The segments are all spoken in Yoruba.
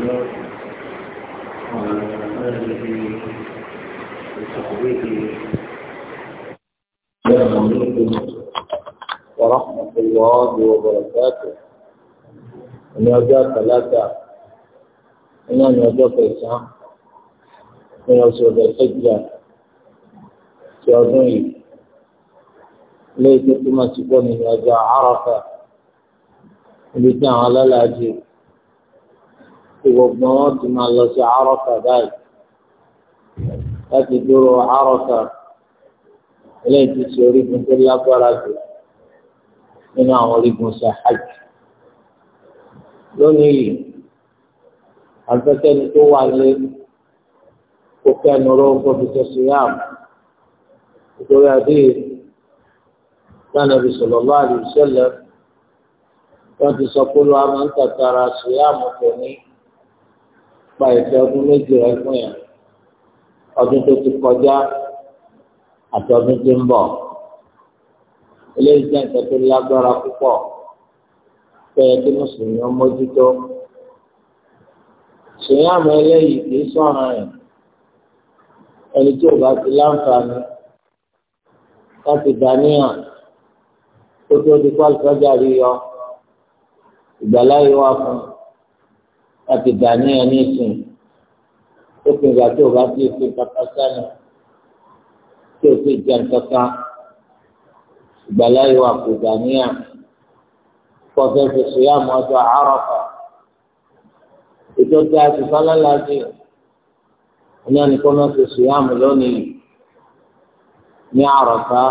الله وعلى آله وصحبه السلام عليكم ورحمة الله وبركاته ní ọjọ́ àtàlágà iná ní ọjọ́ kẹsàn-án ní oṣù ọ̀dẹ̀kẹ́jà ti ọdún yìí lẹ́yìn tó túmọ̀ sí pọ̀ nínú ọjọ́ àràfà níbi tí àwọn alálàájì tí gbogbo wọn ti máa lọ sí àrọ́kà báyìí láti dúró àrọ́kà eléyìí ti ṣe orígun tó lágbára jù nínú àwọn orígun ṣe hajj lónìí yìí afẹ́kẹ́ni tó wà lé kó kẹ́nu ró kó fi ṣe ṣìyàm nítorí àdéhìí lánàá bisọ̀lọ́ bá àdìsẹ́lẹ̀ wọ́n ti sọ pé ló wà ń tàtàrà ṣìyàm tòní gba ìfẹ́ ọdún méjì rẹ fún yẹn ọdún tó ti kọjá àti ọdún tó ń bọ̀ eléyìí jẹ́ nǹkan tó lágbára púpọ̀ pẹ̀lú kí mùsùlùmí ó mójútó ṣèyàn àmọ́ eléyìí kì í sọ̀rọ̀ rẹ̀ ẹni tí ò bá ti láǹfààní láti dàníyàn tó tó di pálífájà rí yọ ìgbàláyé wà fún un láti dà ní ẹni ìsìn tó pin ìgbà tó o bá ti fi kankan sẹ́nu tí o ti jẹun kankan ìgbàláyé wa kò dà ní à kọfẹ́ fèsì yá mọ́ ọjọ́ àárọ̀fà ètò tí a ti fọ́lá fèsì yá mọ́ lónìí ní àárọ̀fà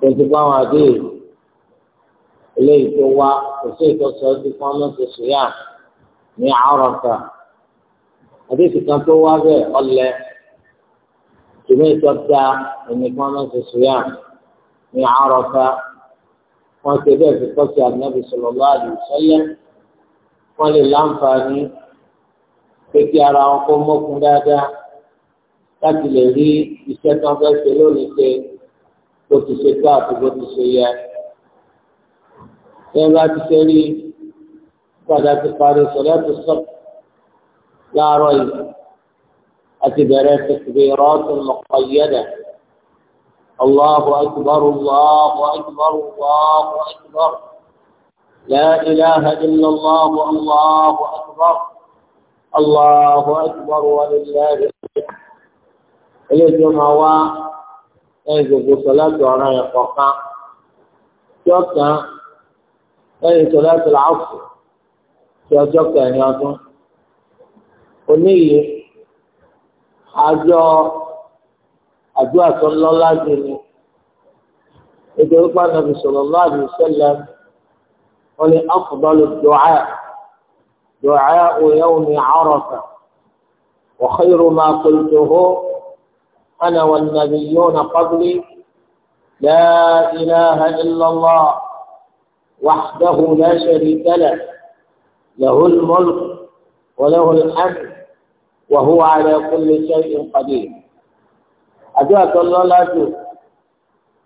tó ti àdéhùn eléyìí tó wá kò sí ìtọ́sọ ibi kan lọ́sẹ̀ sùúyà ní àárọ̀fà àdéhùn kan tó wá bẹ́ẹ̀ ọlẹ́ ṣùgbọ́n ìtọ́ta ẹnìkan lọ́sẹ̀ sùúyà ní àárọ̀fà wọ́n ti bẹ́ẹ̀ fi kọ́sí ànábì sallallahu alaihi wasallam wọ́n lè láǹfààní pé kí ara wọn kó mọ́kun dáadáa láti lè rí iṣẹ́ tó ń fẹ́ ṣe lónìí ṣe bó ti ṣe tó àti bó ti ṣe yẹ. يوم ذات سيري وذات قاري صلاة الصف لا رأي أكبر تكبيرات مقيدة الله أكبر الله أكبر الله أكبر لا إله إلا الله الله أكبر الله أكبر ولله الجمعة أيضا صلاة على يقفا lẹ́yìn tó láti làásù ti ọjọ́ kẹrin ọdún oníyì àjọ àdúrà tó ń lọ láti ni nítorí pàṣẹ bisọlọ láàbì sẹlẹ wọn ni afọdọlù dùcá dùcá òyàwó ni àròkà وخير ما قلته أنا والنبيون قبلي لا إله إلا الله وحده لا شريك له له الملك وله الحمد وهو على كل شيء قدير أدعى الله لا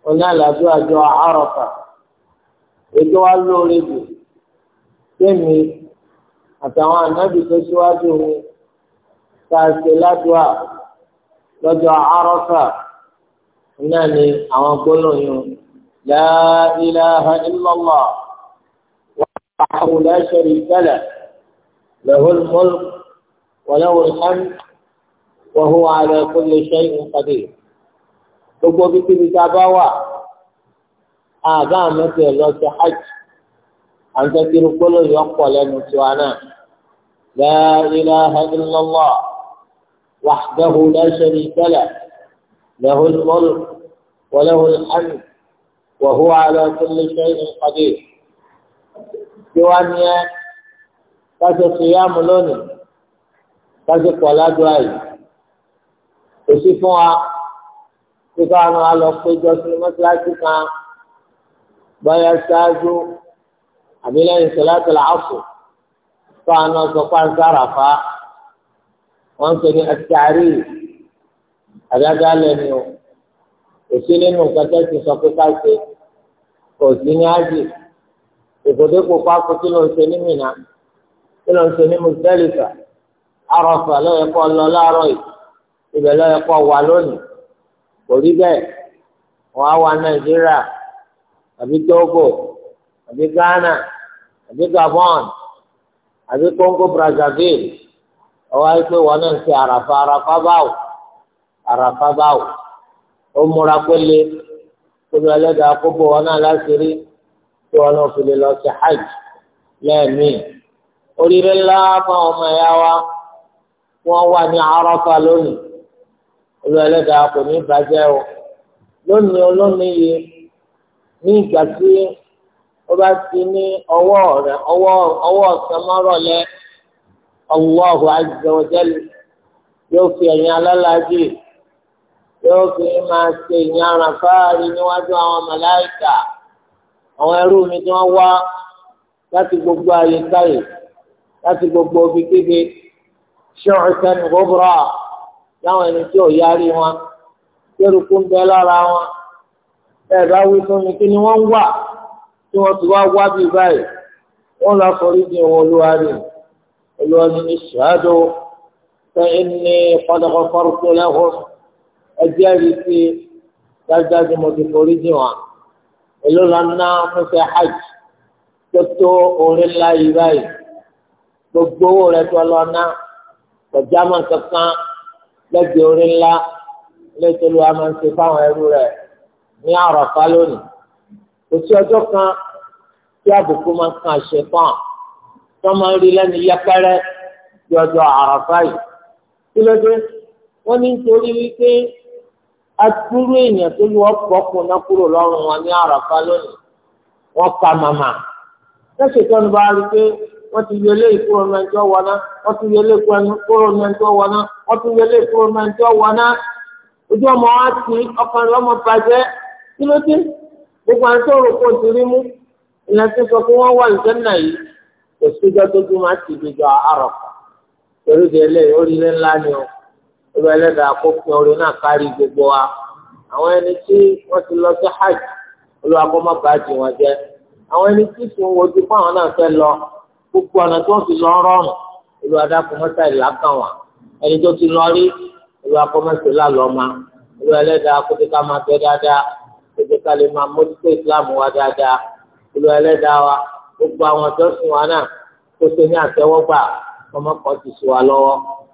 قلنا لا أدعى أدعى عرفة أدعى الله كمي أتوى النبي تسواجه تأسلاتها لدعى عرفة قلنا لي أوان كله لا إله إلا الله وحده لا شريك له له الملك وله الحمد وهو على كل شيء قدير gbogbo bíbí ibi tá a bá wà àbá àmọ́tì ẹ̀ lọ sí hajj àǹtẹ̀kìrì gbólóyè ọ̀pọ̀ lẹ́nu tiwa náà la ilaha illallah wahdahu la sharika lah lahu al-mulk wa lahu al-hamd وهو على كل شيء قدير يوانيا كذا صيام لوني كذا قولا دعائي وصفوا كانوا على قيدة المسلاك كان بيا ساجو أبيلين صلاة العصر كانوا سقان سرفا وانتني التعريف هذا قال لي òsì nínú kẹtẹ ti sọ pé káṣe òsì ní ájì ìgbòdégbò pákó kí ló ń ṣe ní mìíràn kí ló ń ṣe ní mùsẹ́lìfà àròfà lọ́yẹ kọ́ lọ láàárọ̀ yìí ibẹ̀ lọ́yẹ kọ́ wà lónìí kò rí bẹ́ẹ̀ wọ́n á wà nàìjíríà àbí tógò àbí ghana àbí gabon àbí congo brazzaville ọwọ́ àìpé wọn náà ń ṣe àràfà àràfà báwò àràfà báwò. ó múra pélé tóbi ẹlẹ́dàá àkókò wọn náà láti rí tí wọn náà fi lọ sí hajj lẹ́ẹ̀mí. oríire ńlá fáwọn ọmọ ẹ̀yà wa wọn wà ní Àràfà lónìí olú ní bàjẹ́ o lónìí olónìí yìí ní ìgbà tí ó bá ti ní ọwọ́ ọwọ́ ọwọ́ yóò fi máa ṣe ìyára fáàrí níwájú àwọn màláìkà àwọn ẹrú mi tí wọ́n wá láti gbogbo àyíkáyè láti gbogbo ibi kéde ṣọ́ọ̀ṣẹ́ni gbọ́bùrọ̀ láwọn ẹni tí ò yárí wọn kérukú ń bẹ lára wọn ẹ bá wí fún mi kí ni wọ́n wà tí wọ́n ti wá wá bí báyìí wọ́n lọ forí di wọn olúwa rè ní ṣáàdó fẹ́ ẹni padà kọ́ fọ́rùkú lẹ́hùn ẹjẹ́ rí sí dájúdájú mo ti forí jì wọ́n èló la ná fún ṣe hajj tó tó orin ńlá yìí báyìí gbogbo owó rẹ tó lọ ná ọjà máa kankan lẹ́gbẹ̀ẹ́ orin ńlá lẹ́tọ́lù wa máa ń ṣe fáwọn ẹrú rẹ ní àràfá lónìí kò sí ọjọ́ kan tí àbùkù máa kan àṣẹ fún wọn máa ń rí lẹ́nu yẹpẹrẹ tí ọjọ́ àràfá yìí kí ló dé wọ́n ní nítorí wípé atúrú èèyàn tó lù ọ̀pọ̀ kùnà kúrò lọ́rùn wọn ní àràfà lónìí màmá tó ń bá rí pé ti yọ ilé ìkúrò náà tí ó náà wọ́n ti yọ náà ti yọ náà ojú ọmọ wa ti ọkàn lọ́mọ bàjẹ́ kí ló dé gbogbo àwọn tó rò kó ti rí mú tó sọ pé wà yìí o. ìgbà ẹlẹ́dàá kó pin orin náà kárí gbogbo wa àwọn ẹni tí wọ́n ti lọ sí hajj olúwa kó má bàjẹ́ wọn jẹ́ àwọn ẹni tí kò wojú fún àwọn náà fẹ́ lọ gbogbo ọ̀nà tí wọ́n fi lọ rọrùn olúwa dákun mọ́tà ìlàkàn wọn ẹni tó ti lọ rí olúwa kó mọ́tò lálọ́ ma olúwa ẹlẹ́dàá kó ti ká máa fẹ́ dáadáa kó ti ká lè máa mójútó ìsìláàmù wa dáadáa olúwa ẹlẹ́dàá wa gbogbo àwọn tó sùn wa náà kó